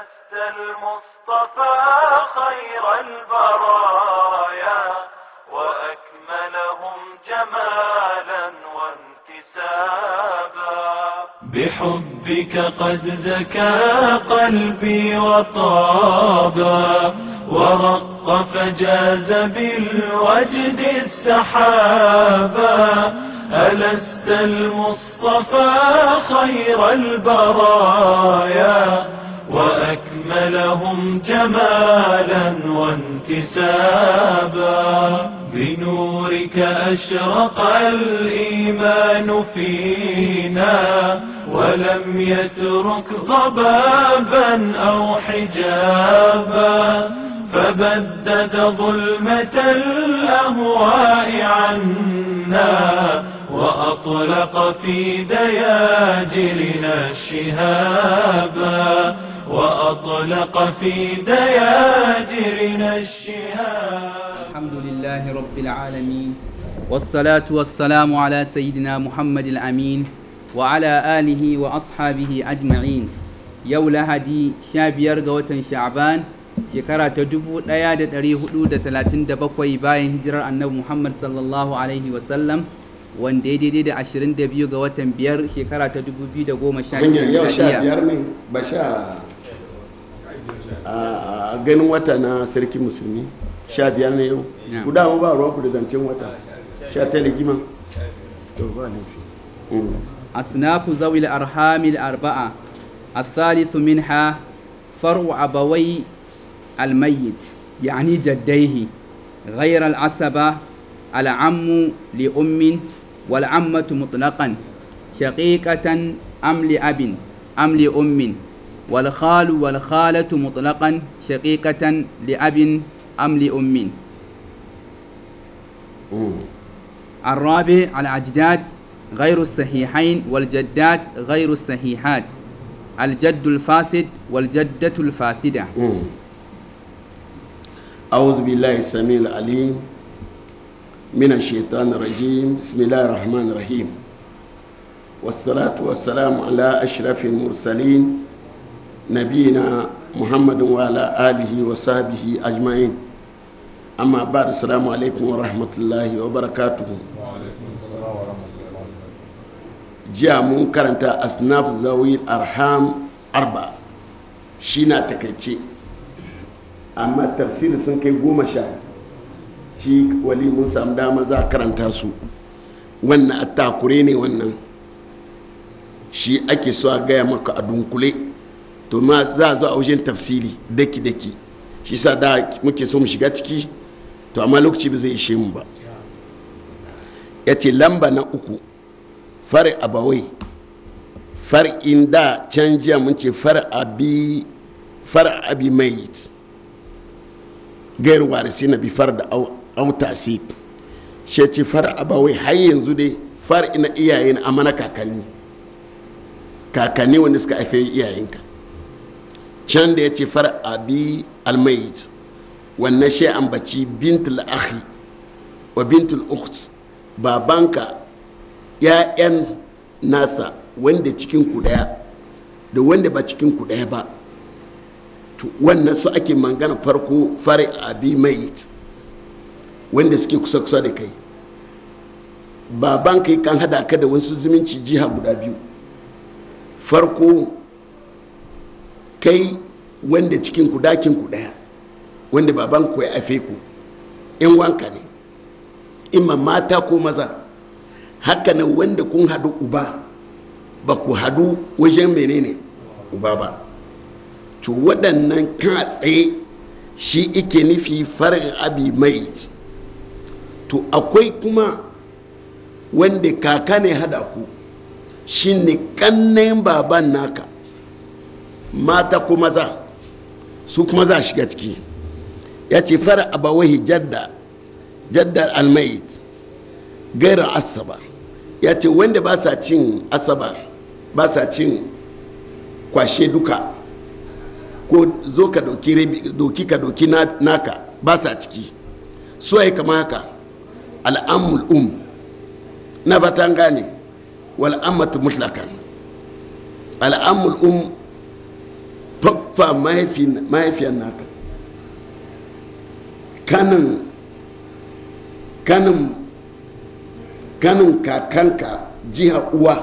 لست المصطفى خير البرايا وأكملهم جمالا وانتسابا بحبك قد زكى قلبي وطابا ورق فجاز بالوجد السحابا ألست المصطفى خير البرايا وأكملهم جمالا وانتسابا بنورك أشرق الإيمان فينا ولم يترك ضبابا أو حجابا فبدد ظلمة الأهواء عنا وأطلق في دياجرنا الشهابا وأطلق في دياجرنا الشهاب الحمد لله رب العالمين والصلاة والسلام على سيدنا محمد الأمين وعلى آله وأصحابه أجمعين yau lahadi sha biyar ga watan shekara ta dubu ɗaya da ɗari hudu da talatin da bakwai bayan hijirar annabi muhammad sallallahu alaihi wasallam wanda ya daidai da ashirin da biyu ga watan biyar shekara ta dubu biyu da goma sha biyar a ganin wata na sarki musulmi sha biyar na yau guda mu ba ruwan wata sha ta ligima to ba laifi mm. asnafu zawil arhamil arba'a الثالث منها فرع أبوي الميت يعني جديه غير العصبة العم لأم والعمة مطلقا شقيقة أم لأب أم لأم والخال والخالة مطلقا شقيقة لأب أم لأم الرابع الأجداد غير الصحيحين والجدات غير الصحيحات الجد الفاسد والجدة الفاسدة أعوذ بالله السميع العليم من الشيطان الرجيم بسم الله الرحمن الرحيم والصلاة والسلام على أشرف المرسلين نبينا محمد وعلى آله وصحبه أجمعين أما بعد السلام عليكم ورحمة الله وبركاته جاء منكر أنت أصناف ذوي الأرحام أربعة شينا تكيتشي أما تفسير سنكي قوم شيك ولي موسى samu dama za a karanta su wannan شي أكي سواء shi ake to ma za a zo a wajen tafsiri daki daki shi sa da muke so mu shiga ciki to amma lokaci ba zai ishe mu ba ya ce lamba na uku fari abawai far'in da can jiya mun ce bi mai gairu warisi na bifar da si shi ce far'abawai har yanzu dai na iyayen amana kakanni kakanni wanda suka haife iyayenka can da ya ce far abi almayit wannan shi ambaci bintul akhi wa bintul ukht babanka ya'yan nasa wanda cikin ku daya da wanda ba cikin ku daya ba wannan su ake mangana farko fara abi mayit wanda suke kusa-kusa da kai babanka yakan kan hada ka da wasu zumunci jiha guda biyu farko kai wanda cikin ku dakin ku daya wanda baban ku ya afe ku in wanka ne imma mata ko maza haka nan wanda kun hadu uba ba ku hadu wajen menene uba ba to waɗannan kan tsaye shi ike nufi farin abi mai to akwai kuma wanda kaka ne hada ku shi ne kannen baban naka mata ko maza su kuma za a shiga ciki ya ce fara abawahi jadda jaddar almait gaira asaba ya ce wanda ba sa cin asaba ba sa cin kwashe duka ko zo ka doki ka doki naka ba sa ciki su yi kama haka al'amul um na fatan gane wal'ammatu mutlakan al'amul um faffa mahaifiyan naka kanin kanin kanin kakanka jiha uwa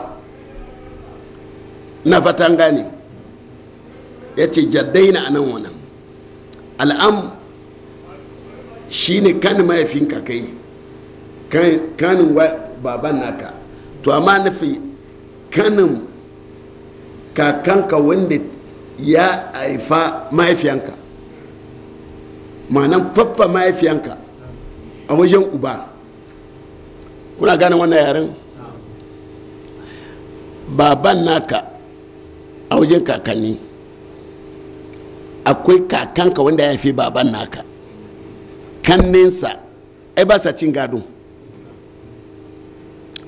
na fatan gane ya ce jaddaina a nan wannan al'am shi ne kanin mahaifinka kai kanin baban naka to amma nufi kanin kakanka wanda ya haifa mahaifiyanka ma'anan faffa mahaifiyanka a wajen uba kuna gane wannan yaren baban naka a wajen kakanni akwai kakanka wanda ya fi baban naka kanninsa ai ba sa cin gado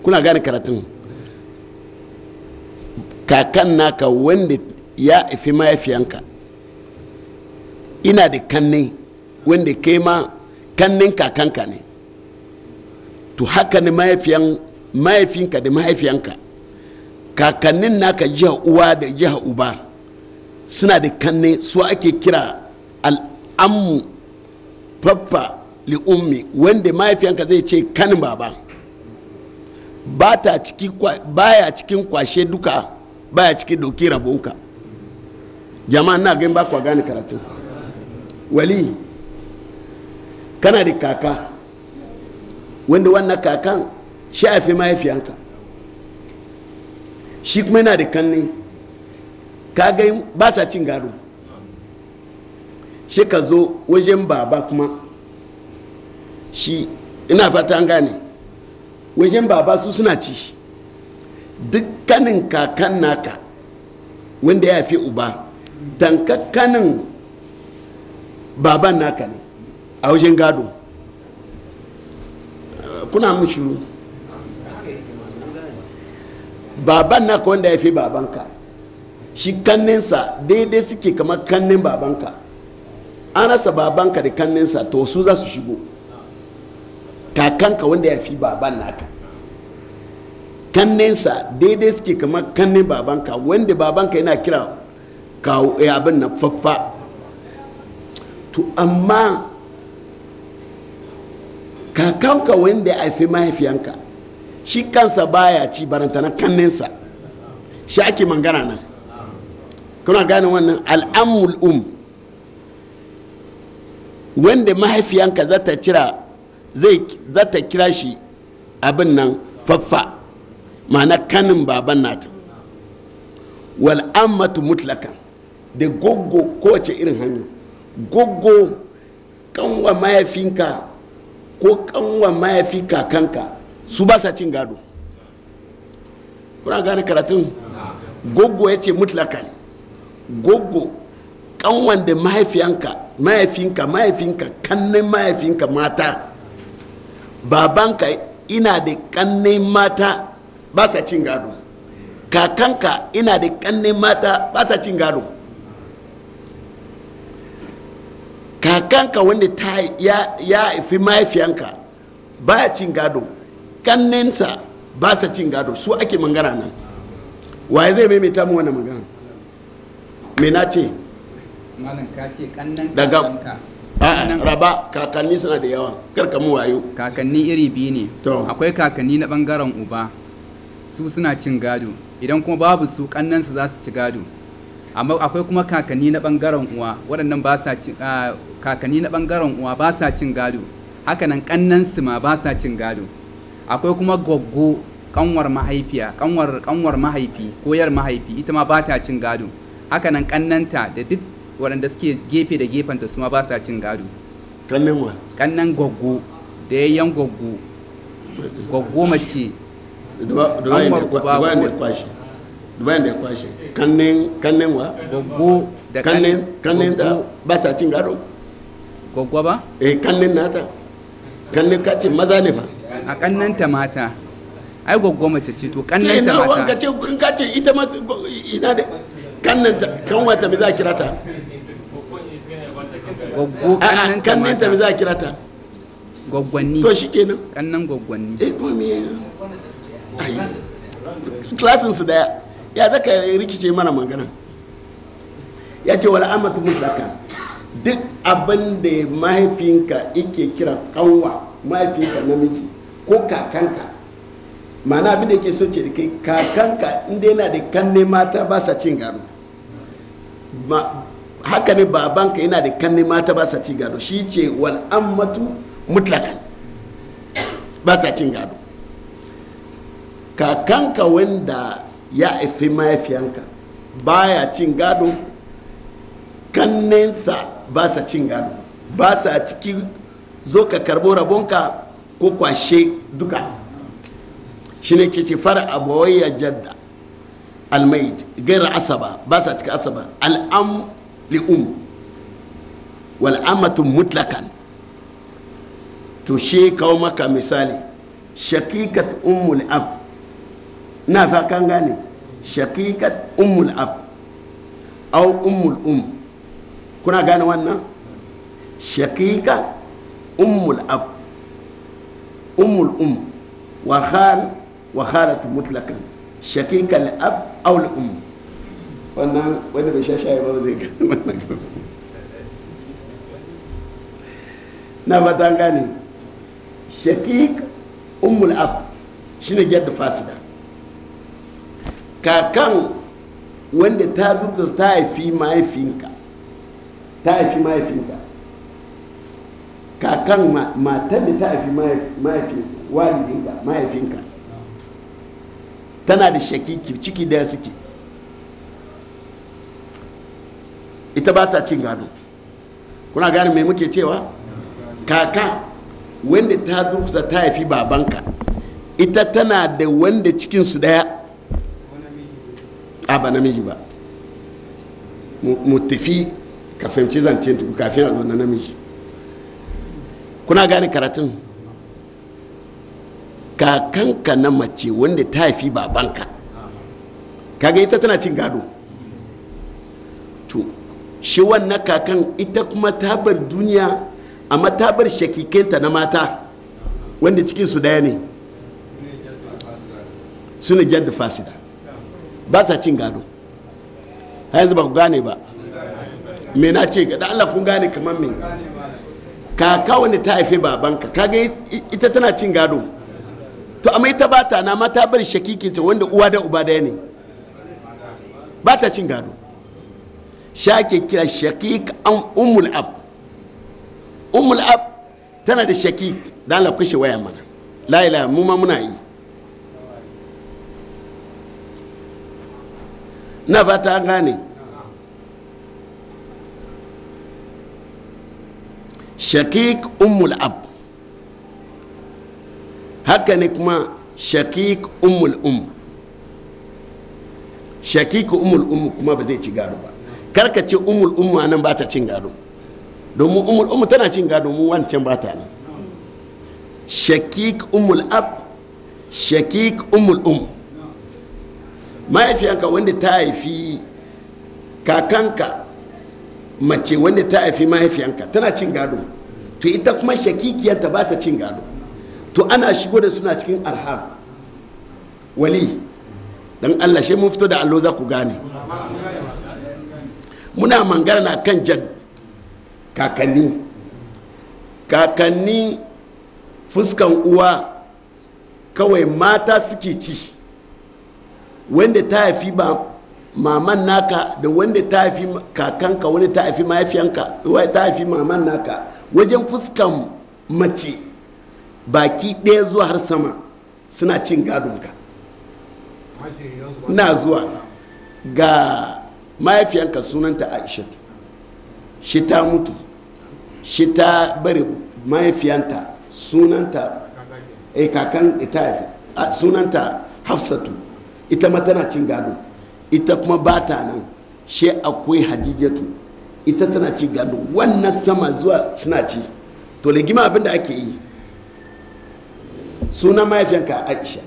kuna gane karatun kakan naka wanda ya haifi mahaifiyanka ina da kanne wanda ke ma kannin kakanka ne to haka ne mahaifinka da mahaifiyanka kakannin naka jiha uwa da jiha uba suna da kanne su ake kira al'ammu faffa li'ummi wanda mahaifiyanka zai ce kan baba ba ta cikin baya cikin kwashe duka baya cikin doki rabonka jama'a na gani ba kwa gane karatu wali kana da kaka wanda wannan kakan shi mahaifiyanka shi kuma yana da kanne ka ga ba sa cin gado shi ka zo wajen baba kuma shi ina fata an gane wajen baba su suna ci dukkanin kakan naka wanda ya fi uba tankakkanin baban naka ne a wajen gado kuna mushi baban naka wanda ya fi babanka shi kanninsa daidai suke kamar kannin babanka an rasa babanka da kanninsa to su za su shigo kakanka wanda ya fi baban naka kanninsa daidai suke kamar kannin babanka wanda babanka yana kira kawo eh, abin na faffa to amma kakanka wanda ya haifi mahaifiyanka shi kansa baya ci baranta na kanninsa shi ake mangana nan kuna gane wannan al'amul um wanda mahaifiyanka zata cira zai zata kira shi abin nan faffa ma'ana kanin baban nata wal'ammatu mutlaka mutlakan da goggo kowace irin hanya goggo kanwa mayafinka ko kanwa mayafi kakanka su ba sa cin gado kuna gane karatun goggo ya ce mutlakan goggo kanwan da mahaifiyanka mahaifinka mahaifinka kannin mahaifinka mata babanka ina da kannin mata ba sa cin gado kakanka ina da kannin mata ba sa cin gado kakanka wanda ta ya fi mahaifiyanka ba ya cin gado kanninsa ba sa cin gado su ake mangana nan waye zai maimaita mu wannan magana me na ce daga raba kakanni suna da yawa karka mu wayo kakanni iri biyu ne akwai kakanni na bangaren uba su suna cin gado idan kuma babu su kannansa za su ci gado amma akwai kuma kakanni na bangaren uwa waɗannan ba sa cin ah, kakanni na bangaren uwa ba sa cin gado hakanan kannan su ma ba sa cin gado akwai kuma goggo kanwar mahaifiya kanwar kanwar mahaifi koyar mahaifi ita ma ba ta cin gado hakanan kannanta da duk waɗanda suke gefe da gefenta su ma ba sa cin gado kannan wa kannan goggo da yayyan goggo goggo mace da ba ne kwashi bayan da ya kwashe kannin wa goggo da kannin da ba sa cin gado goggo ba eh kannin nata kannin ka maza ne fa a kannan ta mata ai goggo mace ce to kannan ta mata wanka ce kun ka ce ita ma ina da kannin ta kan wata me za kira ta goggo kannin ta kannin ta me za kira ta gwaggwanni to shikenan kannan gwaggwanni eh kuma me ai klasin su daya ya zaka rikice mana magana ya ce wala amatu mutlaka duk abin da mahaifinka yake kira kanwa mahaifinka namiji ko kakanka mana abin da yake so ce da kai kakanka inda yana da kanne mata ba sa cin gado haka ne babanka yana da kanne mata ba sa cin gado shi ce wal ammatu mutlaka ba sa cin gado kakanka wanda ya haifi mahaifiyanka ya cin gado kannensa ba sa cin gado ba sa ciki zo ka karbo rabonka ko kwashe duka shi ne ke ce fara abuwaiya jadda almaid gaira asaba ba sa cika asaba al'am li'um wal'amatun mutlakan to shi kawo maka misali shakikat ummul ab na fatan gane shaqiqat ummul ab au ummul um kuna gane wannan shaqiqa ummul ab ummul um wa khal wa khalat mutlaqan shaqiqa al ab au al um wannan wanda bai shashaye ba zai gane wannan na fatan gane shaqiq ummul ab shine jadd fasida kakan wanda ta duka ta haifi mahaifinka ta haifi mahaifinka kakan matan da ta haifi mahaifinka mahaifinka tana da shakiki ciki daya suke ita ba ta cin gado kuna gane mai muke cewa kaka wanda ta duka ta haifi babanka ita tana da wanda cikinsu daya a ah, ba namiji ba mu tafi ka fahimci zancen tuku kafin a zo na namiji kuna gane karatun kakanka na mace wanda ta haifi babanka kaga ita tana cin gado to shi wannan kakan ita kuma ta bar duniya amma ta bar shakikenta na mata wanda cikinsu daya ne suna jadda fasida ba sa cin gado har yanzu ba ku gane ba me na ce ga Allah kun gane kamar min, ka wanda ta haife babanka ga ita tana cin gado to amma ita ba ta na ma ta bar shakikinta wanda uwa da uba daya ne ba ta cin gado shake kira shakik an umul ab umul ab tana da shakik dan la kushe waya mana la ilaha mu ma muna yi na fata an gane shakik ummul ab haka ne kuma shakik ummul um shakik ummul um kuma ba zai ci gado ba ummul um nan ba ta cin gado domin ummul um tana cin gado mu wancan ba ta ne, shakik ummul ab shakik ummul um mahaifiyanka wanda ta haifi kakanka mace wanda ta haifi mahaifiyanka tana cin gado to ita kuma shakikiyanta ba ta cin gado to ana shigo da suna cikin arha wali don allah shi mun fito da allo za ku gane muna mangana na kan jad kakanni kakanni fuskan uwa kawai mata suke ci wanda ta haifi ba maman naka da wanda ta haifi kakanka wanda ta haifi mahaifiyanka wanda ta haifi maman naka wajen fuskan mace baki ɗaya zuwa har sama suna cin gadonka na zuwa ga mahaifiyanka sunanta aisha shi ta mutu shi ta bari mahaifiyanta sunanta eh, kakan ita sunanta hafsatu ita ma tana cin gado ita kuma ba ta nan she akwai hajijatu ita tana cin gado wannan sama zuwa suna ci to legima abin da ake yi sunan mahaifiyanka aisha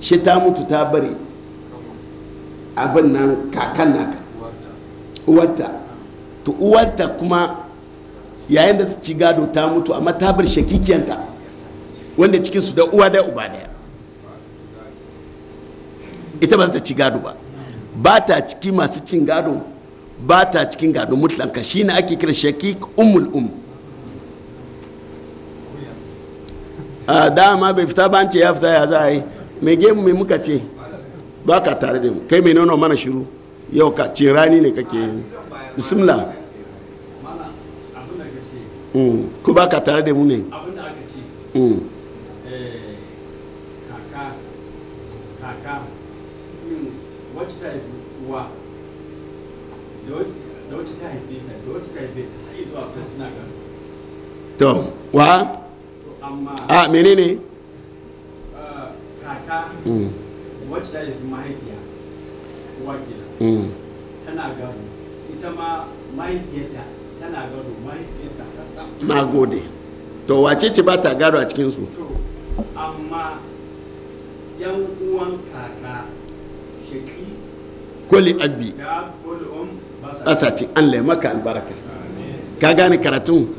shi ta mutu ta bari abin nan kakan naka uwarta to uwarta kuma yayin da su ci gado ta mutu amma ta bar shakikiyanta wanda cikinsu da uwa da uba daya ita ba za ta ci gado ba ba ta ciki masu cin gado ba ta cikin gado mutlanka shine ake kira shakik umul um a dama bai fita ba ce ya fita ya za a yi mai gemu mai muka ce ba ka tare da mu kai mai nono mana shiru yau ka ce rani ne kake bismillah ku mm, ba ka tare da mu ne abin da aka ce mm. to wa a menene uh, kaka mm. wacce mahaifiya mm. tana gado ita ma mahaifiyarta tana gado mahaifiyarta ta samu na gode to wace ce ba ta gado a cikinsu amma yan uwan kaka shaki koli abi ba sa ci an maka albaraka ka gane karatun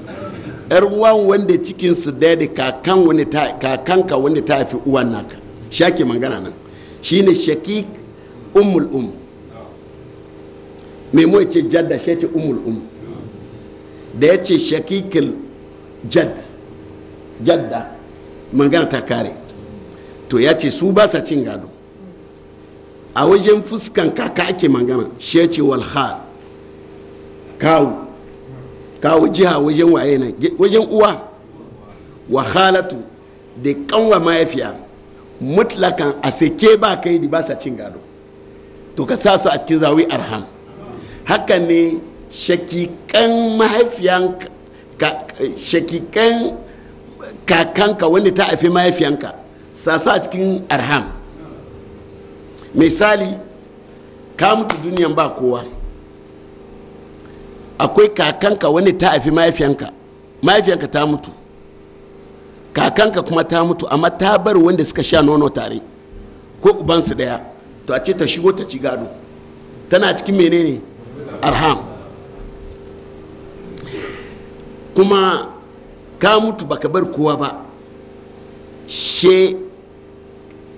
yar uwa wanda cikin su daya da kakan wani ta kakanka wanda ta haifi uwan naka shake magana nan shine shakik ummul um me mu yace jadda shi yace ummul um da yace ce shakikil jad jadda magana ta kare to yace su ba sa cin gado a wajen fuskan kaka ake magana shi yace wal walha kawu kawo jiha wajen waye nan wajen uwa wa halatu da kanwa mahaifiya mutlakan a sake ba kai da ba sa cin gado to ka sa su a cikin zawi arham haka ne shakikan mahaifiyan shakikan kakanka wanda ta haifi mahaifiyanka su a cikin arham misali ka mutu duniyan ba kowa akwai kakanka wani ta haifi mahaifiyanka mahaifiyanka ta mutu kakanka kuma ta mutu amma ta bar wanda suka sha nono tare ko ubansu daya to a ce ta shigo ta ci gado tana cikin menene arham kuma ka mutu baka bar kowa ba she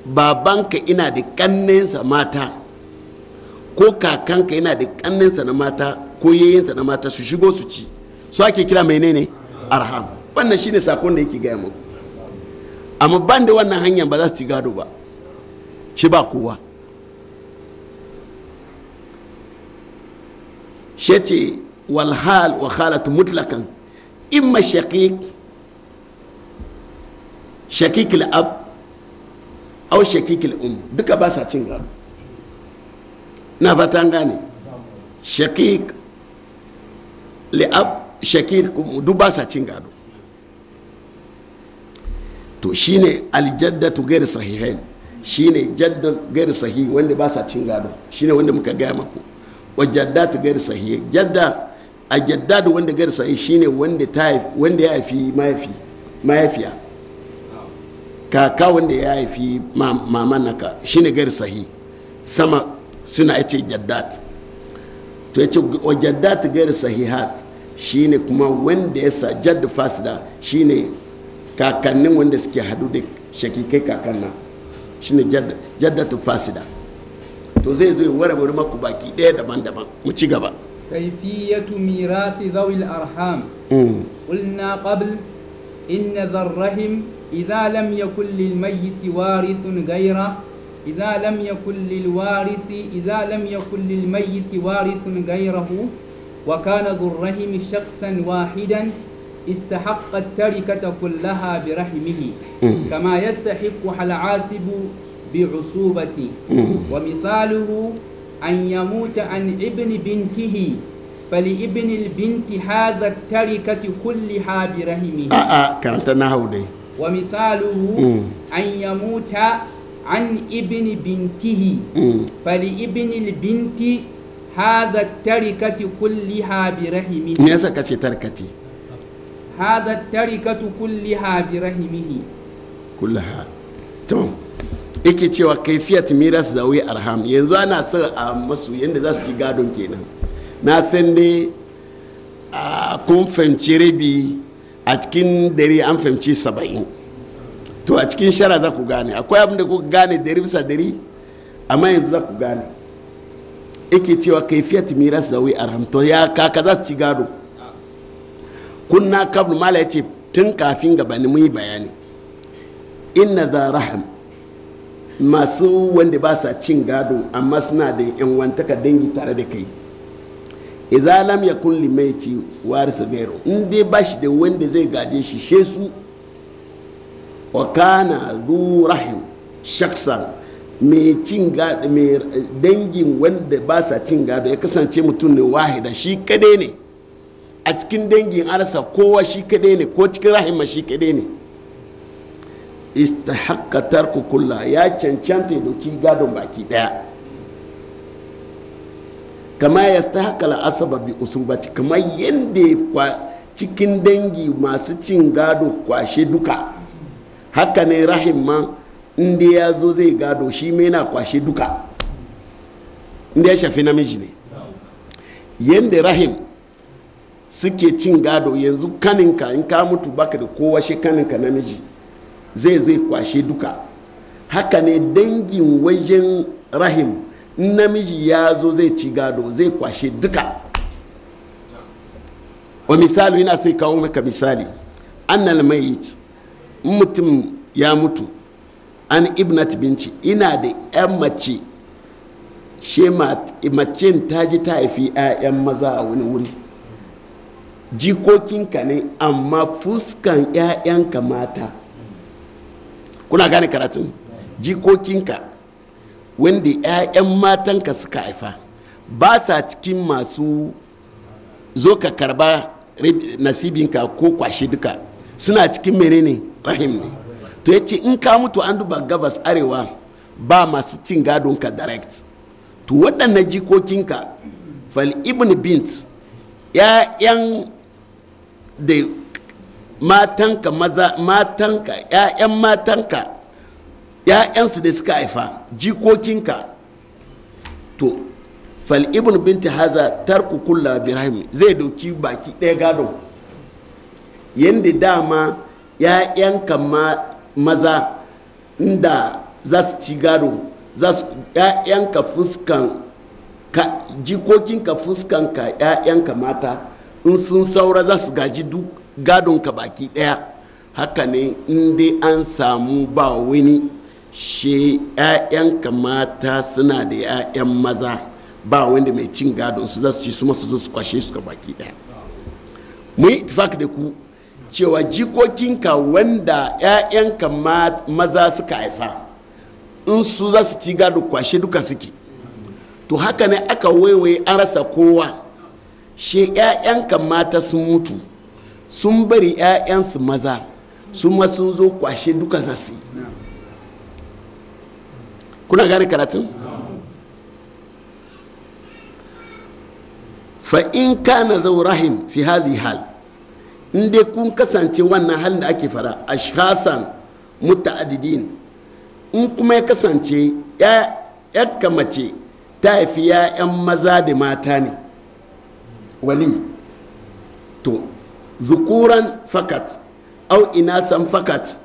babanka ina da kannensa mata ko kakanka ina da kannensa na mata ko yayyanta na mata su shigo su ci su ake kira ne arham wannan shine sakon da yake gaya mu amma ban da wannan hanyar ba za su ci gado ba shi ba kowa ce walhal wa khalatu mutlakan imma shaqiq shaqiq al-ab aw shaqiq al-um duka ba sa cin gado na fata gane shaqiq ab shakir duk ba sa cin gado to shine aljaddatu gari sahihain shine jaddan gari sahi wanda ba sa cin gado shine wanda muka gaya maku wa jaddatu gari sahi jadda a jaddadu wanda gari sahi shine wanda ta wanda ya haifi mahaifi mahaifiya kaka wanda ya haifi mamanaka shine gari sahi sama suna ce jaddat to ya ce wajadda ta gari sahihat shine kuma wanda ya sa jadda fasida shine kakannin wanda suke hadu da shakikai kakanna jadda jaddatu fasida to zai zo wara wuri maku baki ɗaya daban-daban mu ci gaba كيفية mirasi ذوي arham قلنا قبل إن ذا الرحم إذا لم يكن للميت وارث غيره إذا لم يكن للوارث إذا لم يكن للميت وارث غيره وكان ذو الرحم شخصا واحدا استحق التركة كلها برحمه كما يستحقها العاسب بعصوبته ومثاله أن يموت عن ابن بنته فلابن البنت هذا التركة كلها برحمه آه آه كانت نهودي ومثاله أن يموت عن ابن بنته فلابن البنت هذا التركة كلها برحمه ميسا تركتي هذا التركة كلها برحمه كلها تمام yake cewa kaifiyat miras da wuyi arham yanzu ana son a masu yadda za su ci gadon kenan na san dai a kun fahimci rabi a cikin dare an fahimci saba'in to a cikin shara za ku gane akwai abin da kuka gane dari bisa dari amma yanzu za ku gane yake cewa kai miras zawi arham to ya kaka za su ci gado kunna kabul mala ce tun kafin gabanin mun yi bayani inna za raham masu wanda ba sa cin gado amma suna da yan wantaka dangi tare da kai idan lam mai ci warisa gairo in dai bashi da wanda zai gaje shi shesu. wa kana zu rahim shaksan mai cin gado mai dangin wanda ba sa cin gado ya kasance mutum ne wahida shi kadai ne a cikin dangin arsa kowa shi kadai ne ko cikin rahima shi kadai ne istahaqqa tarku kulla ya cancanta ya doki gadon baki daya kama ya stahaqqa al'asaba bi usubati kama yanda cikin dangi masu cin gado kwashe duka haka ne rahim ma inda ya zo zai gado shi mai na kwashe duka inda ya shafi namiji ne yadda rahim suke cin gado yanzu kaninka in ka mutu baka da kowa shi kaninka namiji zai zai kwashe duka haka ne dangin wajen rahim namiji ya zo zai ci gado zai kwashe duka wa misali yana sai kawo maka misali annal mai mutum ya mutu an ibnat binci ina da 'yan mace she mace ta ji ta haifi 'ya'yan maza a wani wuri jikokinka ne amma fuskan 'ya'yanka mata kuna gane karatun jikokinka wanda 'ya'yan matanka suka haifa ba sa cikin masu zo ka karba nasibinka ko kwashe duka suna cikin menene rahim ne to ya ce in ka mutu an duba gabas arewa ba masu cin gadonka direct to waɗannan jikokinka fal ibn bint ‘ya'yan da matanka maza matanka ‘ya'yan matanka ‘ya'yansu da suka haifa jikokinka to fal ibn bint haza tarku kulla birahim zai doki baki ɗaya gadon yadda dama kama maza inda za su ci gado ‘ya'yanka fuskan ka jikokinka fuskanka ‘ya'yanka mata in sun saura za su gaji duk gadon ka baki daya haka ne in dai an samu ba wani she ‘ya'yanka mata suna da ‘ya'yan maza ba wanda mai cin gado su za su ci su masu zo su kwashe su baki daya mu yi da ku cewa jikokinka wanda 'ya'yanka maza suka haifa in su za su ci gado kwashe duka suke to haka ne aka waiwaye an rasa kowa shi 'ya'yanka mata sun mutu sun bari 'ya'yansu maza su ma sun zo kwashe duka za su yi kuna gane karatun fa in kana zau fi hazi hal in dai kun kasance wannan halin da ake fara ashkhasan muta'addidin in kuma ya kasance ya mace ta haifi ya'yan maza da mata ne wali to zukuran fakat au ina san fakat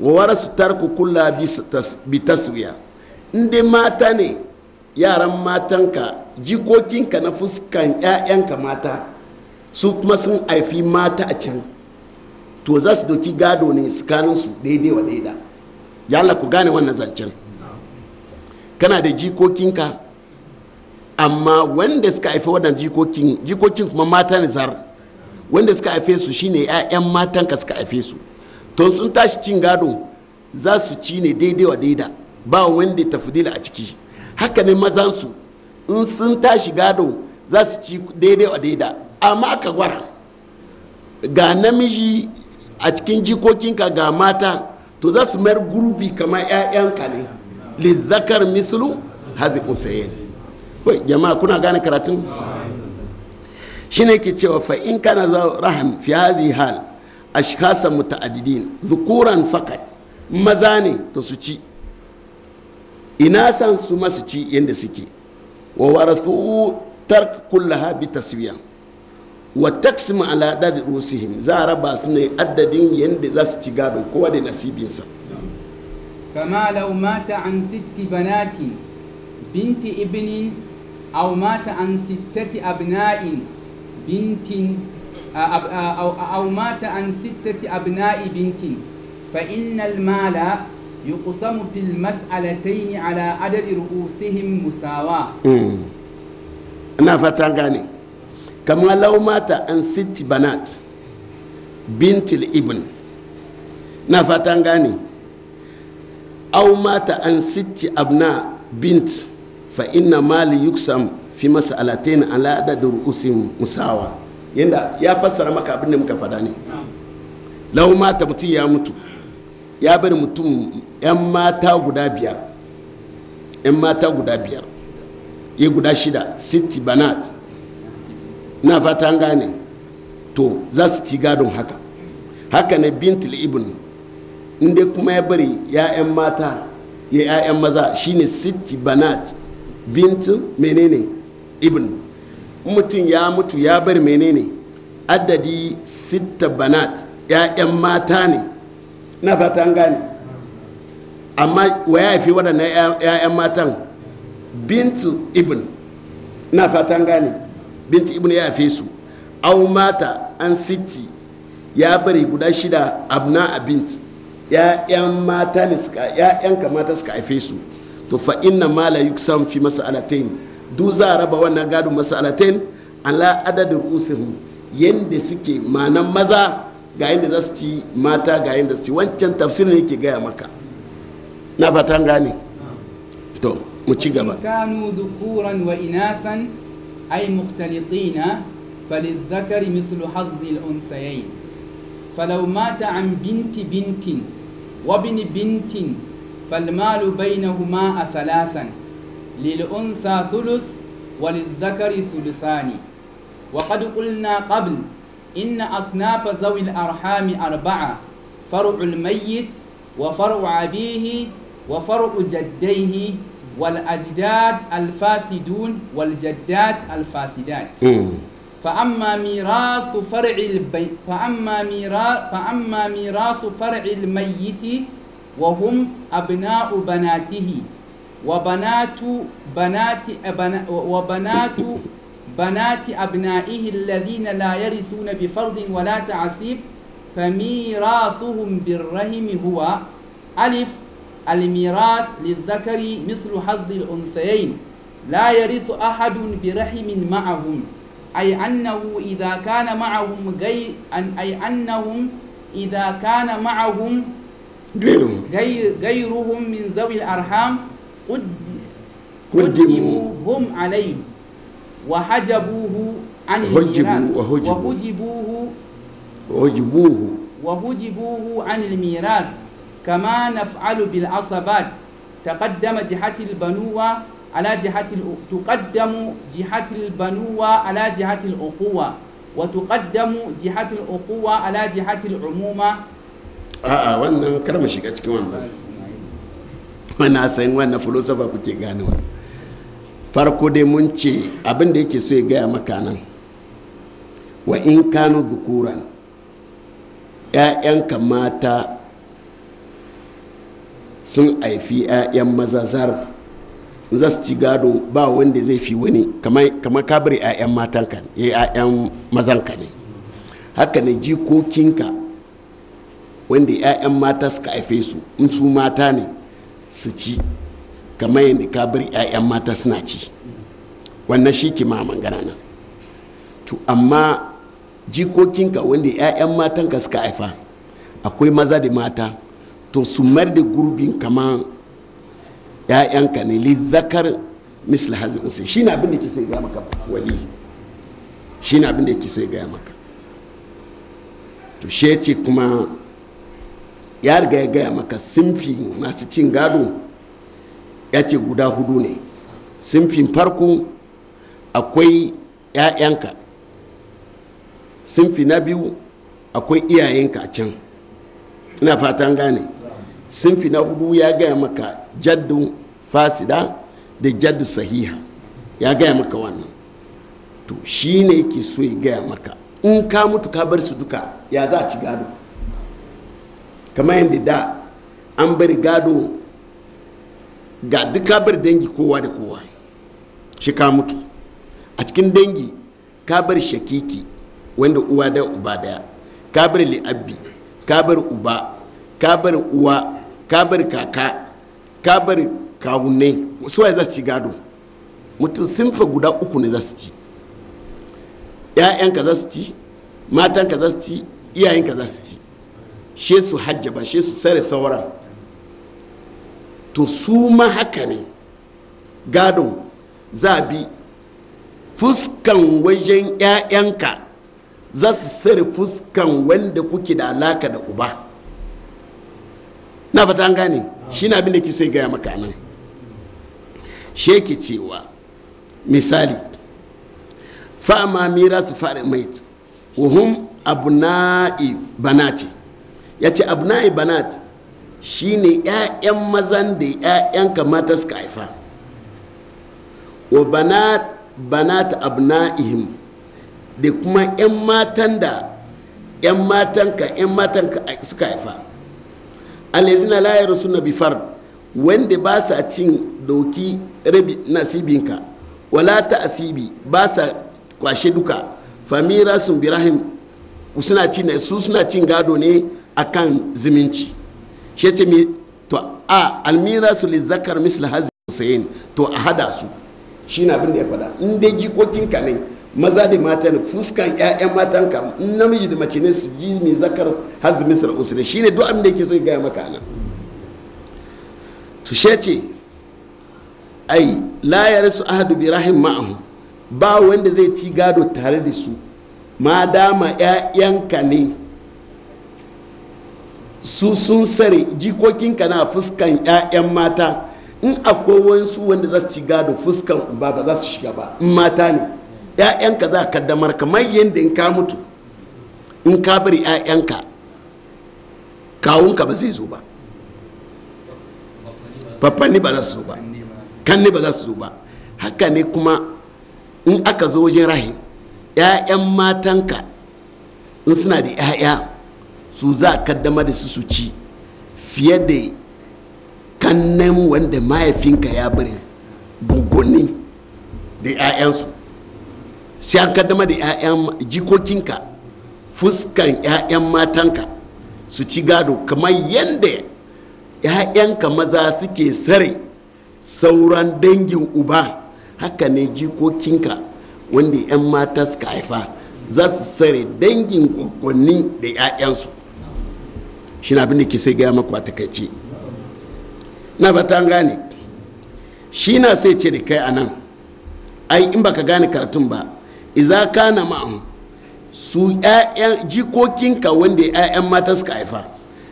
wa su tarku kula bi taswiya in dai mata ne yaran matanka jikokinka na fuskan 'ya'yanka mata su kuma sun haifi mata a can to za su doki gado ne su daidai wa daida ya Allah ku gane wannan zancen kana da jikokinka amma wanda suka haifi waɗannan jikokin jikokin kuma mata ne zar wanda suka haife su shine 'ya'yan ka suka haife su to sun tashi cin gado za su ci ne daidai wa daida ba wanda fudila a ciki haka ne mazan su in sun tashi gado za su ci daidai wa daida amma aka gwara ga namiji a cikin jikokinka ga mata to za su mayar gurbi kamar 'ya'yanka ne lizakar mislu hazi unsayen wai jama'a kuna gane karatun shine ke cewa fa in kana za rahim fi hazi hal ashkhasa muta'addidin zukuran fakat maza ne to su ci ina san su masu ci yadda suke wa warasu tark kullaha bi taswiya wa taksim ala dadi rusihim za a raba su ne addadin yadda za su ci gado kowa da nasibinsa kama lau mata an sitti banati binti ibnin aw mata an sittati abna'in bintin aw mata an sittati abna'i bintin fa innal mala يقسم في المسألتين على عدد kama laumata mata an siti banat bintil ibn na fatan gane au mata an siti abna bint fa inna mali yuksam fi mas'alatain ala adad usin musawa yanda ya fassara maka abin da muka fada ne lau mata mutum ya mutu ya bari mutum yan mata guda biyar yan mata guda biyar ya guda shida siti banat na fata an gane to za su ci gadon haka haka ne bintul ibn inda kuma ya bari ya'yan mata ya ya'yan maza shine sitti banat bintul menene ibn mutum ya mutu ya bari menene adadi sitta banat ya'yan mata ne na fata an gane amma wa ya haifi waɗannan 'ya'yan matan bintu ibn na fatan gane binti ibn ya fi su au mata an sitti ya bari guda shida abna abint yan mata ne suka yan kamata suka haife su to fa inna ma la yuksam fi mas'alatain du za raba wannan gado mas'alatain ala adadin usihum yanda suke manan maza ga yanda za su ci mata ga yanda su ci wancan ne yake gaya maka na fatan gane to mu ci gaba kanu dhukuran wa inathan أي مختلطين فللذكر مثل حظ الأنثيين فلو مات عن بنت بنت وابن بنت فالمال بينهما ثلاثا للأنثى ثلث وللذكر ثلثان وقد قلنا قبل إن أصناف ذوي الأرحام أربعة فرع الميت وفرع أبيه وفرع جديه والأجداد الفاسدون والجدات الفاسدات فأما ميراث فرع البي فأما ميراث فأما ميراث فرع الميت وهم أبناء بناته وبنات بنات أبنا وبنات بنات أبنائه الذين لا يرثون بفرض ولا تعصيب فميراثهم بالرحم هو ألف الميراث للذكر مثل حظ الأنثيين لا يرث أحد برحم معهم أي أنه إذا كان معهم غير أن أي أنهم إذا كان معهم غيرهم غير غيرهم من ذوي الأرحام قدموا هم عليه وحجبوه عن الميراث وحجبوه وحجبوه وحجبوه عن الميراث كما نفعل بالعصبات تقدم جهة البنوة على جهة تقدم جهة البنوة على جهة الأخوة وتقدم جهة الأخوة على جهة العمومة a'a wannan kar shiga cikin wannan wannan sayin wannan filosofa kuke farko dai mun ce abin da yake so ya gaya maka nan wa in kanu zukuran 'ya'yanka mata sun haifi 'ya'yan mazazar za su ci gado ba wanda zai fi wani kamar kabir 'ya'yan matanka ya eh, 'ya'yan mazanka ne haka ne jikokinka wanda 'ya'yan mata suka haife su in su mata ne su ci kamar yadda kabir 'ya'yan mata suna ci wannan shi kima magana nan to amma jikokinka wanda 'ya'yan matanka suka haifa akwai maza da mata to su mar da gurbin kama ‘ya'yanka ne li zakar misli hazin sai shi na abin da ke so ya gaya maka wali shi na abin da ke so ya gaya maka to shi ce kuma ya riga ya gaya maka simfi masu cin gado ya ce guda hudu ne simfin farko akwai ‘ya'yanka simfi na biyu akwai iyayenka a can ina fatan gane sinfi na hudu ya gaya maka jaddu fasida da jaddu sahiha ya gaya maka wannan to shi ne ke so ya gaya maka in ka mutu ka bar su duka ya za a ci gado kamar yadda da an bari gado ga duka bar dangi kowa da kowa shi ka mutu a cikin dangi ka bar shakiki wanda uwa da uba daya ka bar li'abbi ka bar uba ka uwa kabar bar kaka ka bar kawunne su waye za su ci gado mutum sinfa guda uku ne za su ci ‘ya'yanka za su ci matanka za su ci iyayenka za su ci she su hajjaba she su sare sauran to su ma haka ne gadon za bi fuskan wajen ‘ya'yanka za su sare fuskan wanda kuke da alaka da uba na fata an gane shi na abinda sai gaya maka nan sheki cewa misali fa'ama mira su fara mai wuhum abunai banati ya ce abna'i banat shi ne 'ya'yan mazan da 'ya'yan kamata suka haifa wa banat banat da kuma 'yan matan da 'yan ka 'yan ka suka haifa alezina la suna bi wanda ba sa cin doki rabi nasibinka wala ta asibi ba sa kwashe duka famira sun birahim suna cin su suna cin gado ne akan zumunci shi ce mi to a almira su li zakar misli hazi to a hada su shi na abin da ya faɗa in dai jikokinka ne maza da mata ne fuskan ƴaƴan matan ka namiji da mace ne su ji mai zakar hazmi misr usri shine duk abin da yake so ya gaya maka nan to she ce ai la yarisu ahadu bi rahim ma'ahu ba wanda zai ci gado tare da su ma dama ka ne su sun sare kana na fuskan ƴaƴan mata in akwai wasu wanda za su ci gado fuskan ba ba za su shiga ba in mata ne 'ya'yanka za a kaddamar kamar yadda in ka mutu in ka bari 'ya'yanka kawunka ba zai zo ba fafanni ba za su zo ba kanni ba za su zo ba haka ne kuma in aka zo wajen rahim 'ya'yan matanka in suna da 'ya'ya su za a kaddama da su su ci fiye da kannan wanda mahaifinka ya bari bugunni da 'ya'yansu sai an kaddama da 'ya'yan jikokinka fuskan 'ya'yan matanka su ci gado kamar yadda 'ya'yanka maza suke sare sauran dangin uba haka ne jikokinka wanda 'yan mata suka haifa za su sare dangin gwagwanni da 'ya'yansu shi na abin da ke sai gaya maku a ce na fata gane shi na sai ce da kai a nan ai in baka gane karatun ba iza kana ma'ahu su ƴaƴan jikokinka wanda ƴaƴan mata suka haifa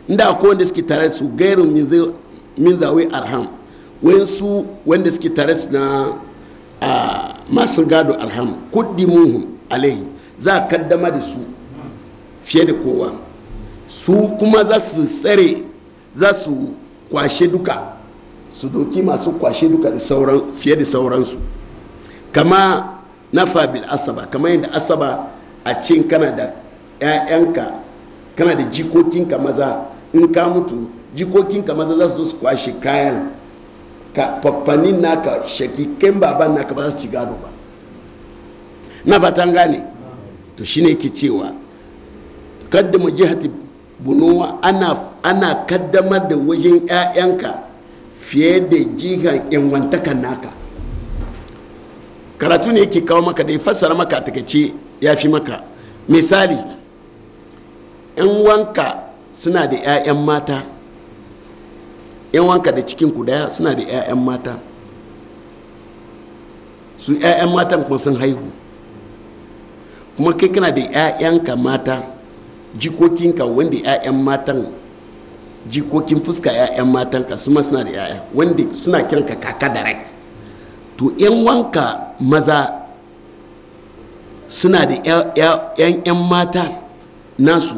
inda akwai wanda suke tare su gairin min zawai arham su wanda suke tare su na masu gado arham kuddimuhum alai za a kaddama da su fiye da kowa su kuma za su tsare za su kwashe duka su doki masu kwashe duka da sauran fiye da sauransu kama na fabil asaba kamar yadda asaba a cin kana da 'ya'yanka kana da jikokinka maza in ka mutu jikokinka maza za su kwashe kayan ka faffanin naka shakikin baban naka ba za su ci gado ba na fatan gane to shine ke cewa kaddama jihati bunuwa ana, ana kaddamar da wajen 'ya'yanka fiye da jihar yanwantakan naka karatu ne yake kawo maka da ya fassara maka a takaice ya fi maka misali yan wanka suna da 'ya'yan mata yan wanka da cikin ku daya suna da 'ya'yan mata su 'ya'yan matan kuma sun haihu kuma kai kana da 'ya'yanka mata jikokinka wanda 'ya'yan matan jikokin fuska 'ya'yan matanka su ma suna da 'ya'ya wanda suna kiranka kaka direct to 'yan wanka maza suna da 'yan 'yan mata nasu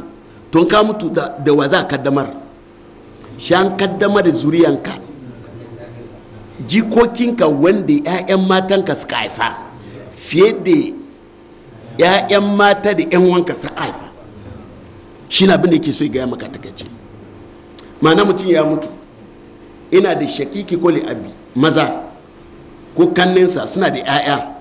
tun ka mutu da wa za kaddamar shan kaddamar zuriyanka jikokinka wanda 'ya'yan matanka suka haifa fiye da 'ya'yan mata da 'yan wanka suka haifa shi na da ke so gaya maka takaice ma'ana mutum ya mutu ina da shakiki ko abi maza ko kanninsa suna da 'ya'ya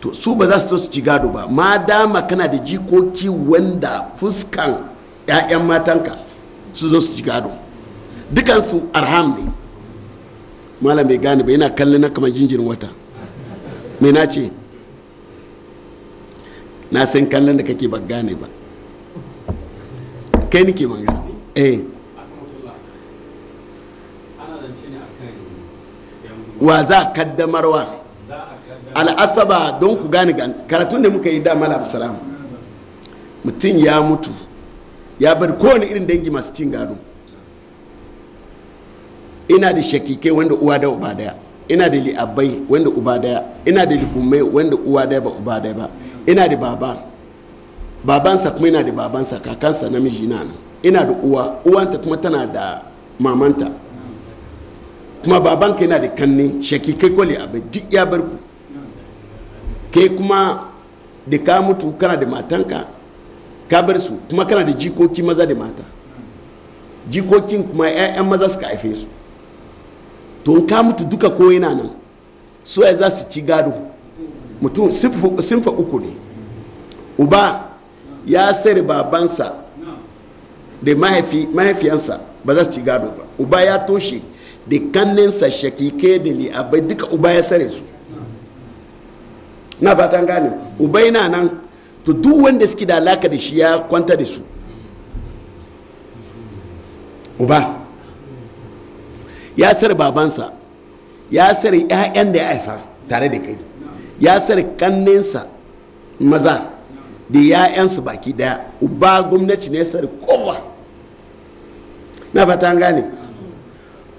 to su ba za su su ci gado ba ma dama kana da jikoki wanda fuskan 'ya'yan matanka su zo su ci gado dukansu arham ne malam mai gane ba yana kallon na kamar jinjirin wata mai na ce na san kallon da kake ba gane ba kai nike magana eh wa za a kaddamarwa al'asaba don ku gane karatun da muka yi da malam salam mutum ya mutu ya bari kowane irin dangi masu cin gado ina da shakike wanda uwa da uba daya ina da li'abbai wanda uba daya ina da likumai wanda uwa daya ba uba daya ba ina da baba babansa kuma ina da babansa kakansa namiji na nan ina da uwa uwanta kuma tana da mamanta kuma babanka yana da kanne shaki kai kwale abin duk ya bar ku kai kuma da ka mutu kana da matanka ka bar su kuma kana da jikoki maza da mata jikokin kuma 'ya'yan maza suka haife su to ka mutu duka ko yana nan su ya za su ci gado mutum sinfa uku ne uba ya sayar babansa da mahaifiyansa ba za su ci gado ba uba ya toshe da sashaki ke da li'abai duka uba ya sare su na fatan gane uba yana nan to duk wanda suke da alaka da shi ya kwanta da su uba ya sare babansa ya sare 'ya'yan da ya haifa tare da kai ya sare kanninsa maza da 'ya'yansu baki daya uba gwamnati ne sare kowa na fatan gane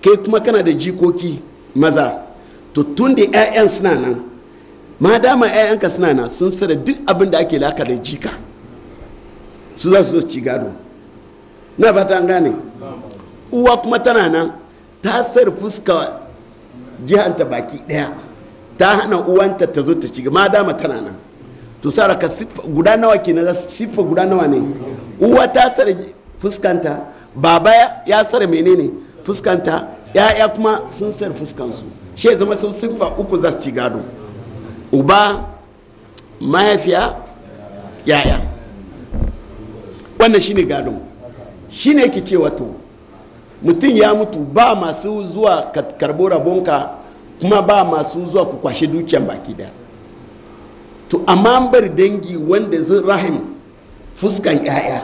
kai kuma kana da jikoki maza to tun da 'ya'yan suna nan ma dama 'ya'yanka suna nan sun sara duk abin da ake laka da jika su za su ci gado na fata an gane uwa kuma tana nan ta sar fuska jihanta baki daya ta hana uwanta ta zo ta ci ma dama tana nan to sara ka sifa guda nawa kenan siffa guda nawa ne uwa ta sar fuskanta baba ya sar menene fuskanta ya'ya kuma sun sayar fuskansu shi zama sun sifa uku za su ci gado uba mahaifiya ya'ya wannan shine gado shine yake ce wato mutum ya mutu ba masu zuwa karbo rabonka kuma ba masu zuwa ku kwashe dukiyan baki da to amma bar dangi wanda zai rahim fuskan 'ya'ya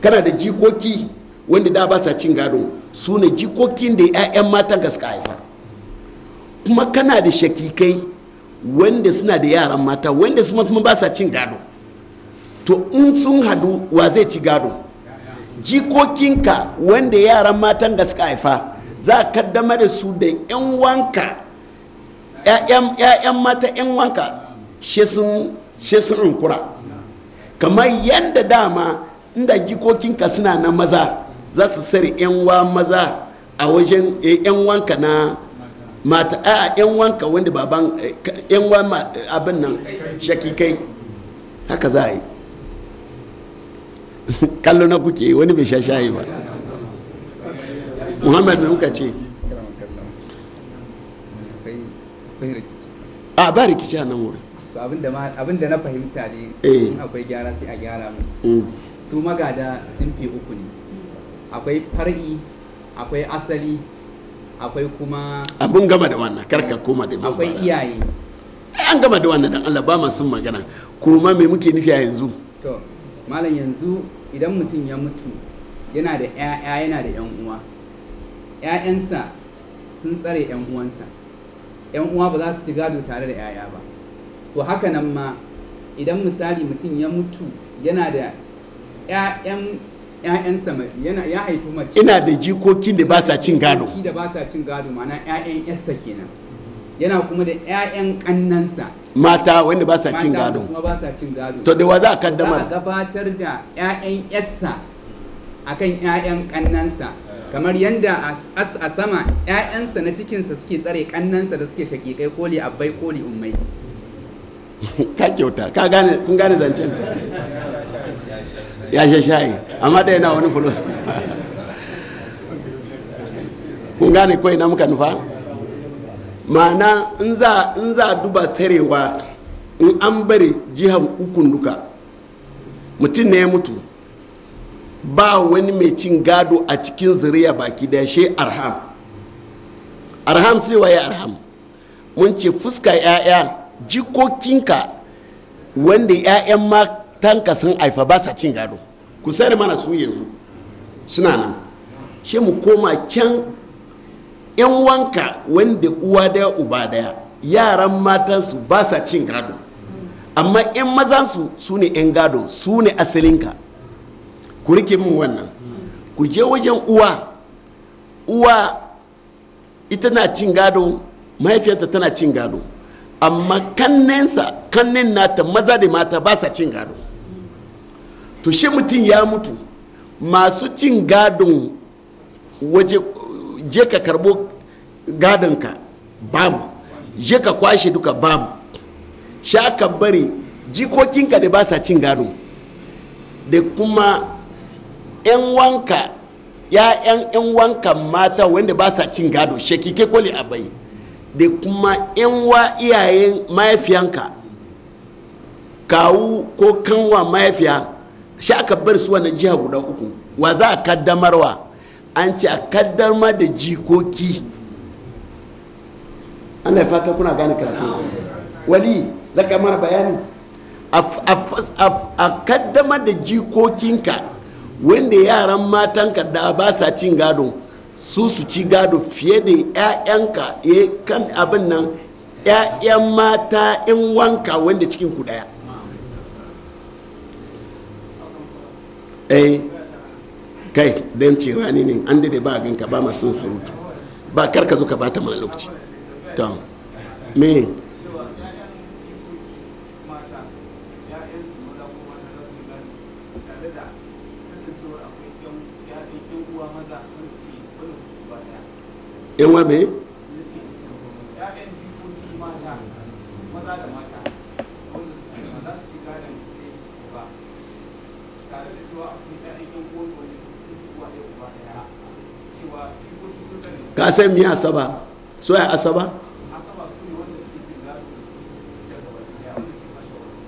kana da jikoki wanda da ba sa cin gado su ne jikokin da 'ya'yan matan ka suka haifa kuma kana da shakikai wanda suna da yaran mata wanda su kuma ba sa cin gado to in sun hadu wa zai ci gado jikokinka wanda yaran matan da suka haifa za a kaddama da su da 'yan wanka 'ya'yan mata 'yan wanka shi sun kura kamar yadda dama inda jikokinka suna na maza za su sare yan maza a wajen yan eh, wanka na mata a yan wanka wanda baban yan eh, eh, abin nan shakikai haka za a yi kallo na kuke wani bai sha ba muhammad mai muka ce a ba rikici a nan abin da na fahimta ne akwai gyara sai a gyara mu mm. su magada sun fi uku ne akwai far'i akwai asali akwai kuma abun gama da wannan karka koma da akwai iyaye an gama da wannan dan Allah ba ma sun magana kuma me muke nufi a yanzu to malam yanzu idan mutum ya mutu yana da ƴaƴa yana da ƴan uwa ƴaƴansa sun tsare ƴan uwansa ƴan uwa ba za su ci gado tare da ƴaƴa ba to haka nan ma idan misali mutum ya mutu yana da ƴaƴan 'ya'yansa yana ya haifi mace ina da jikokin da ba sa cin gado da ba sa cin gado mana 'ya'yan yarsa kenan yana kuma da 'ya'yan kannansa mata wanda ba sa cin gado mata ba sa cin gado to da wa za a kaddama za gabatar da 'ya'yan yarsa akan 'ya'yan kannansa kamar yadda a sama 'ya'yansa na cikinsa suke tsare kannansa da suke shakikai koli abbai koli ummai ka kyauta ka gane kun gane zancen ya sha shayi amma da yana wani fulos kun gane kawai na muka nufa ma'ana in za a duba tsarewa in an bari jihar ukun duka mutum ne ya mutu ba wani mai cin gado a cikin zuriya baki da shi arham arham sai waye arham mun ce fuska 'ya'ya jikokinka wanda 'ya'yan ma tanka sun haifa ba sa cin gado ku sayar mana su yanzu suna nan shi mu koma can yan wanka wanda uwa daya uba daya yaran matansu ba sa cin gado amma yan mazansu su ne yan gado su ne asalinka ku rike mu wannan ku je wajen uwa uwa ita na cin gado mahaifiyarta tana cin gado amma kannensa kannen nata maza da mata ba sa cin gado to shi mutum ya mutu masu cin gadon waje je ka karbo gadonka babu je ka kwashe duka babu sha ka bari jikokinka da ba sa cin gado da kuma 'yan wanka ya'yan 'yan wanka mata wanda ba sa cin gado ke koli a bai da kuma 'yan wa iyayen mahaifiyanka kawu ko kanwa mahaifiya shi aka bar su wannan jiha guda uku wa za a kaddamarwa an ce a kaddamar da jikoki ana fata kuna gane karatu wali zaka mana bayani a kaddamar da jikokinka wanda yaran matanka da ba sa cin gado su su ci gado fiye da 'ya'yanka eh, abin nan 'ya'yan mata in wanka wanda cikin ku daya eh kai don cewa ne ne an dade ba a ganka ba masu surutu ba kar ka zo ka bata mana lokaci to me yan me ka san miya asaba so ya asaba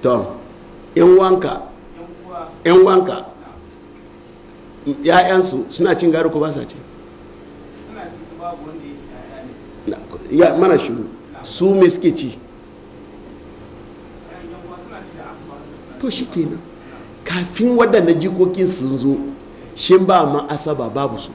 to yan wanka yan wanka ya'yansu suna cin gado ko ba sa ci ya mana shuru su me ci to shi kenan kafin waɗanda jikokin sun zo shin ba ma asaba babu su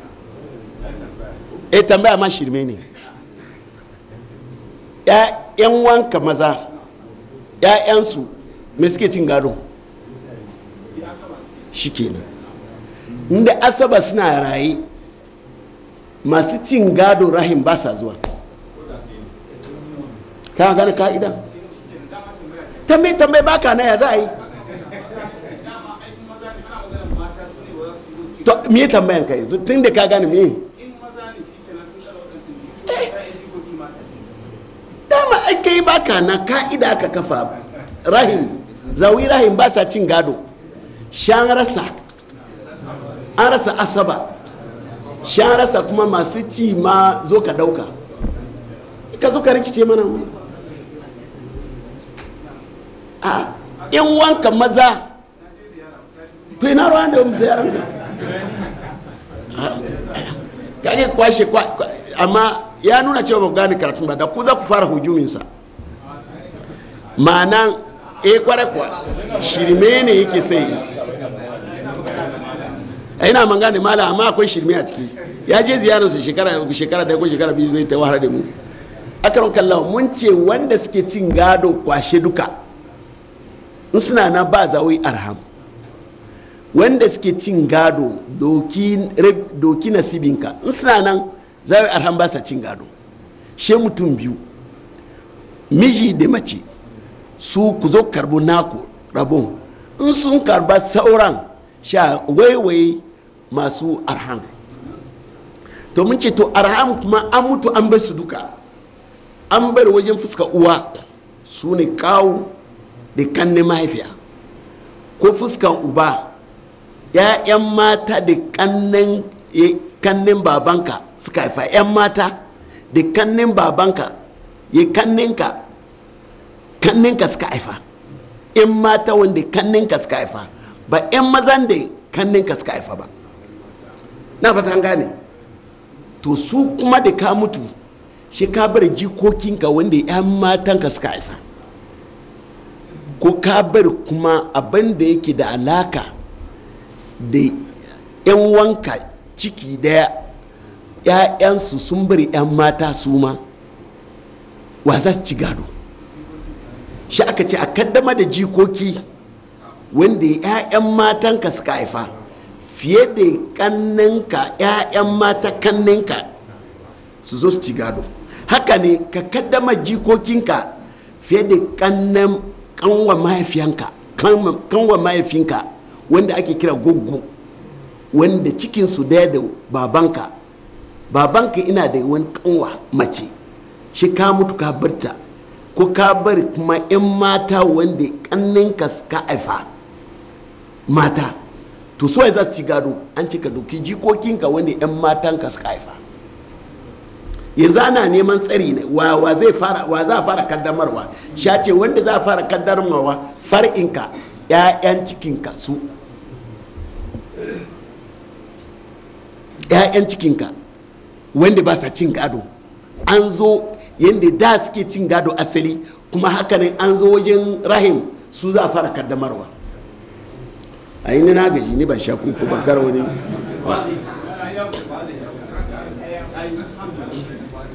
e tambaya ma shirme ne ‘ya'yan wanka maza ‘ya'yansu mai suke cin gado shi kenan inda asaba suna raye masu cin gado rahim ba sa zuwa ka gane ka'ida tambayi ba ka na ya za a yi to me tambayan kai tun da ka gane me ai kai baka na ka'ida aka kafa rahim zawi rahim ba sa cin gado shan rasa an rasa asaba shan rasa kuma masu ci ma zo ka dauka ka zo ka rikice mana wani a yan wanka maza to ina ruwan da mu ziyarar ka kage kwashe amma ya nuna cewa ba gane karatun ba da ku za ku fara hujuminsa ma'ana e eh, kware kuwa shirme ne yake sai a ina man gane mala amma akwai shirme a ciki ya je ziyararsa shekara shekara da ko shekara biyu zai ta wahala da mu a karon kallawa mun ce wanda suke cin gado kwashe duka in suna na ba zawai arham wanda suke cin gado doki nasibinka in suna nan yi arhan ba sa cin gado she mutum biyu miji da mace su ku zo karbo naku rabon in sun karba sauran sha waiwai masu arhan to mun ce to arham kuma an mutu an bar su duka an bar wajen fuska uwa su ne kawo da kanne mahaifiya ko fuskan uba ya'yan mata da kannan kannin babanka suka haifa 'yan mata da kannin babanka ya kanninka kanninka suka haifa in mata wanda kanninka suka haifa ba 'yan mazan da kanninka suka haifa ba na fata gane to su kuma da ka mutu shi ka bar jikokinka wanda 'yan matanka suka haifa ko ka bar kuma abin da yake da alaka da 'yan wanka ciki daya ‘ya'yansu sun bari ‘yan mata su ma wa za su ci gado shi aka ce a kaddama da jikoki wanda ‘ya'yan matanka suka haifa fiye da kanninka ‘ya'yan mata kanninka su zo su ci gado haka ne ka kaddama jikokinka fiye da kannan kanwa mahaifiyanka kanwa mahaifinka wanda ake kira goggo wanda cikinsu daya da babanka babanka ina da wani kanwa mace shi ka mutu ka barta ko ka bar kuma 'yan mata wanda kanninka ka haifa mata to so za su ci gado an ce ka doki jikokinka wanda 'yan matanka suka haifa yanzu ana neman tsari ne wa wa zai fara wa za fara kaddamarwa shi ce wanda za fara kaddamarwa far'inka 'ya'yan cikinka su 'ya'yan cikinka wanda ba sa cin gado an zo yadda da suke cin gado asali kuma hakanan an zo wajen rahim su za a fara kaddamarwa a yi na gaji ne ba sha kuku ba karo wani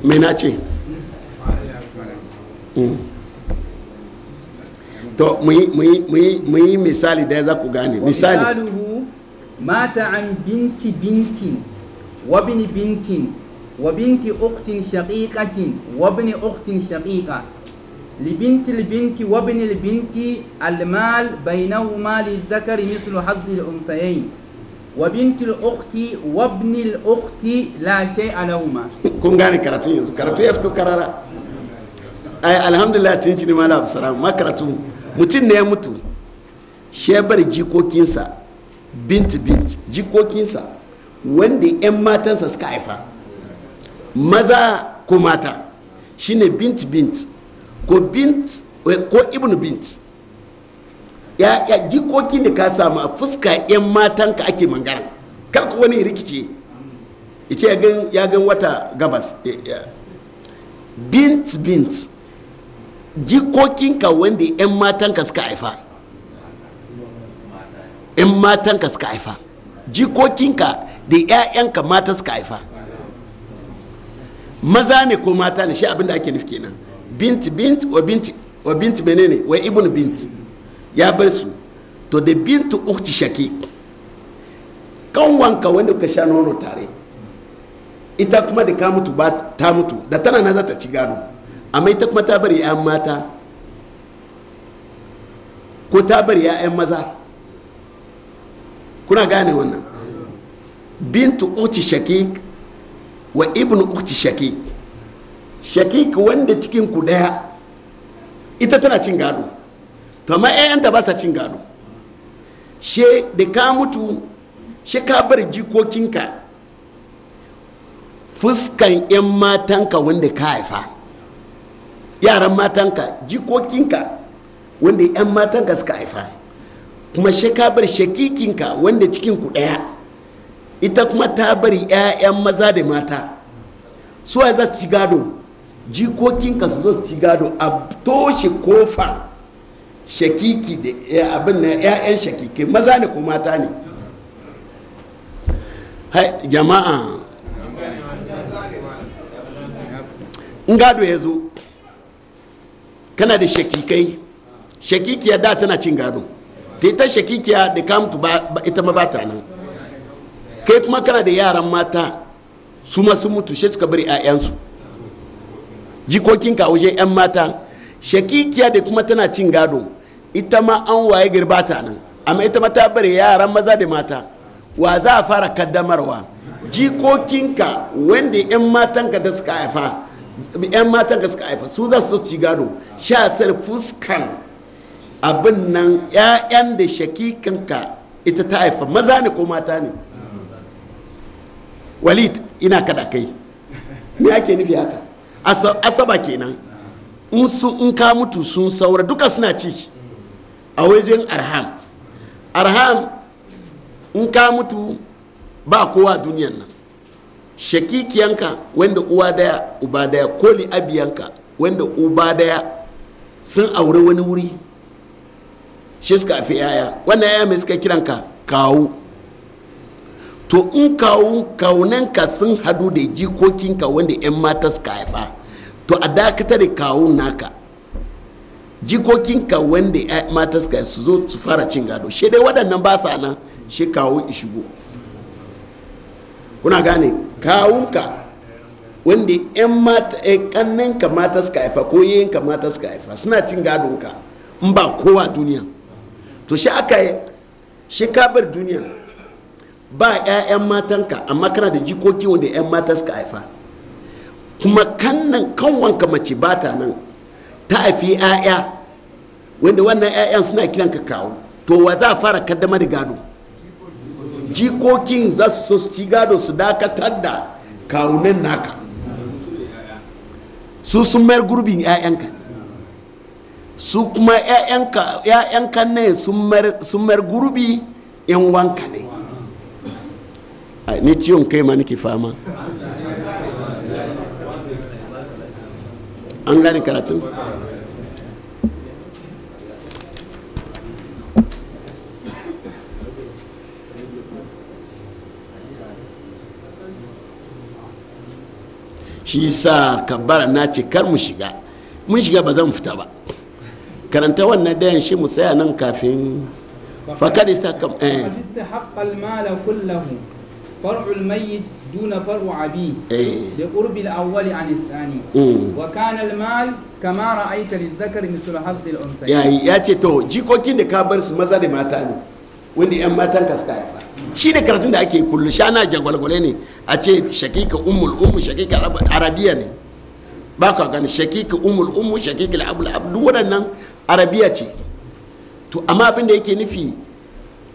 mai na ce hmm. to mu yi misali da za ku gane misali mata an binti bintin وابن بنت وبنت أخت شقيقة وابن أخت شقيقة لبنت البنت وابن البنت المال بينهما للذكر مثل حظ الأنثيين وبنت الأخت وابن الأخت لا شيء لهما كون غاني كراتو يزو كراتو يفتو كرارا أي الحمد لله تنشي ما لا بصرا ما كراتو متين نيمتو shebar jikokinsa bint bint jikokinsa wanda 'yan matansa suka haifa maza ko mata shine bint bint ko bint eh, ko ibn bint ya ya jikokin da ka samu a fuska 'yan matanka ake mangana kar ku wani rikice ice ya gan wata gabas bint bint jikokinka wanda 'yan matanka suka haifa 'yan matanka suka haifa jikokinka da 'ya'yanka mata suka haifa maza ne ko mata ne shi abin da ake nufi kenan bint bint wa bint wa bint menene wa ibn bint ya bar su to da bint ukhti shaki kanwanka wanda ka sha nono tare ita kuma da ka mutu ba ta mutu da tana na zata ci gado amma ita kuma ta bari ‘ya’yan mata ko ta bari 'ya'yan maza kuna gane wannan bintu uti shakik wa ibnu uti shakik shakik wanda cikin ku daya ita tana cin gado to amma ƴaƴanta ba sa cin gado she da ka mutu she ka bar jikokinka fuskan 'yan matanka wanda ka haifa yaran matanka jikokinka wanda 'yan matan ka suka haifa kuma she ka bar shakikinka wanda cikin ku daya ita kuma ta bari 'ya'yan maza da mata su za su ci gado jikokinka su zo su ci gado a toshe kofa shakiki da eh, abin na 'ya'yan shakiki maza ne ko mata ne jama'a in gado ya zo kana da shakikai shakikiya da tana cin gado ta ita shakikiya da kamtu ita ma ba ta nan kai kuma kana da yaran mata su ma mutu shi suka bari 'ya'yansu jikokinka waje 'yan mata shakikiya da kuma tana cin gado ita ma an waye girbata nan amma ita ma ta bari yaran maza da mata wa za a fara kaddamarwa jikokinka wanda 'yan matanka da suka haifa 'yan matanka suka haifa su za su ci gado sha sar fuskan abin nan 'ya'yan da shakikinka ita ta haifa maza ne ko mata ne walid ina kada kai me ake nufi haka asaba kenan in su in ka mutu sun saura duka suna ci a wajen arham arham in ka mutu ba kowa duniyan nan shakikiyanka wanda uwa daya uba daya koli abiyanka wanda uba daya sun aure wani wuri shi suka fi yaya wannan yaya mai suka kiranka kawo to in kawunanka sun hadu da jikokinka wanda 'yan mata suka haifa to a dakatar da kawun naka jikokinka wanda 'yan mata suka su zo su fara cin gado shi dai waɗannan ba sa nan shi kawun ishigo kuna gane kawunka wanda 'yan mata kannenka eh, mata suka haifa ko yayinka mata suka haifa suna cin gadonka in ba kowa duniya to shi aka yi shi kabar duniya ba 'ya'yan matanka amma kana da jikoki wanda 'yan mata suka haifa kuma kannan kanwanka mace ba ta nan ta haifi 'ya'ya wanda wannan 'ya'yan suna kiran ka kawo to wa za a fara kaddama da gado jikokin za su ci gado su dakatar da kawunan naka su sun mayar gurbin 'ya'yanka su kuma 'ya'yanka ne sun mayar gurbi 'yan wanka ne ni ciwon kai ma nake fama an gane karatun shi sa kabbara na ce kar mu shiga mun shiga ba zan fita ba karanta wannan dayan shi mu tsaya nan kafin fakadista kam eh فرع الميت دون فرع أبيه لقرب wa عن الثاني وكان المال كما رأيت للذكر مثل حظ الأنثيين يعني يا تو jikokin da ka bar su maza da mata ne wanda yan matan ka suka haifa shi ne karatun da ake kullu shana jagwalgwale ne a ce shakika ummul ummu shakika arabiya ne ba ka gani shakika ummul ummu shakika abul abdu waɗannan arabiya ce to amma abin da yake nufi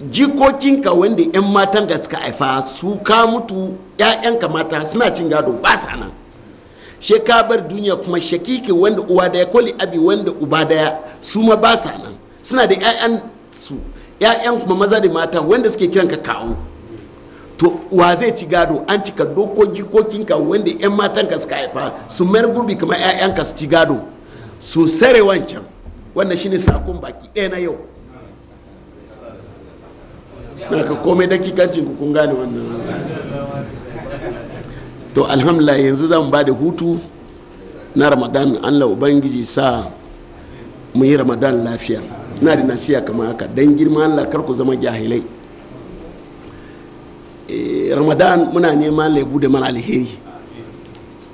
jikokinka wanda 'yan matan ka suka haifa su ka mutu 'ya'yanka mata suna cin gado ba sa nan she ka bar duniya kuma shakiki wanda uwa daya koli abi wanda uba daya su ma ba sa nan suna da 'ya'yan su 'ya'yan kuma maza da mata wanda suke kiran ka kawo to wa zai ci gado an cika doko jikokinka wanda 'yan matan ka suka haifa su mayar gurbi kuma 'ya'yan ka su ci gado su sare wancan wannan shine sakon baki ɗaya na yau na ka komai dakikancin ku kun gane wannan to alhamdulillah yanzu zan ba da hutu na ramadan allah ubangiji sa mu yi ramadan lafiya na da nasiya kamar haka don girma allah kar ku zama jahilai eh, ramadan muna neman laibu da mana alheri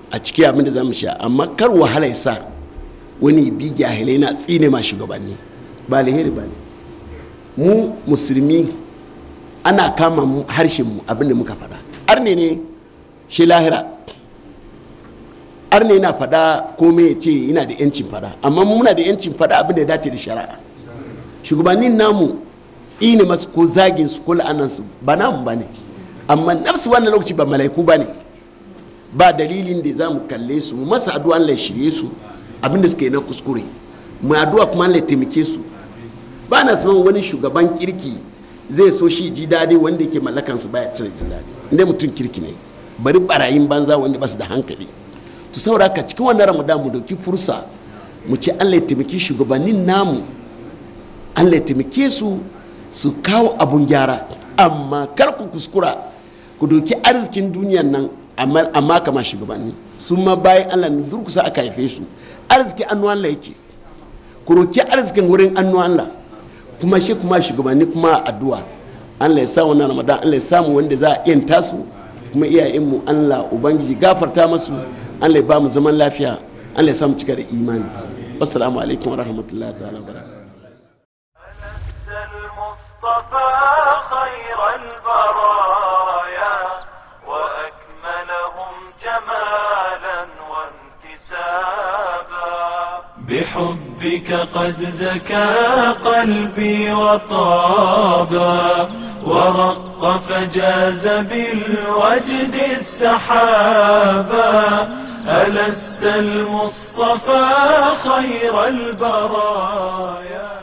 a ciki abin da zamu sha amma kar wahala sa wani bi jahilai na tsine ma shugabanni ba alheri ba ne mu musulmi ana kama harshen mu abinda muka fada arne ne shi lahira arne na fada komai ya ce yana da yancin fada amma muna da yancin abin abinda ya dace da shari'a shugabannin namu tsini masu ko zagin su ko la'anan su ba namu ba ne amma nafsu wannan lokaci ba mala'iku ba ne ba dalilin da za mu kalle su mu masa addu'a Allah shirye su abinda suka yi na kuskure mu addu'a kuma Allah ya taimake su ba na wani shugaban kirki zai so shi ji dadi wanda yake mallakan su baya cire jin dadi inda mutum kirki ne bari barayin banza wanda basu da hankali to saboda ka cikin wannan ramadan mu dauki fursa mu ce Allah ya taimaki shugabannin namu Allah ya taimake su su kawo abun gyara amma kar ku kuskura ku doki arzikin duniyan nan amma kama shugabanni sun ma bayan Allah ne durkusa aka haife su arziki annu Allah yake ku roki arzikin wurin annu Allah kuma shi kuma shugabanni kuma addu'a Allah ya samu na ramadan Allah ya samu wanda za a yin tasu kuma iyayenmu Allah ubangiji gafarta masu Allah ya ba mu zaman lafiya Allah ya samu cika da imani assalamu alaikum wa rahmatullahi ta'ala wa بحب بك قد زكى قلبي وطابا ورق فجاز بالوجد السحابا ألست المصطفى خير البرايا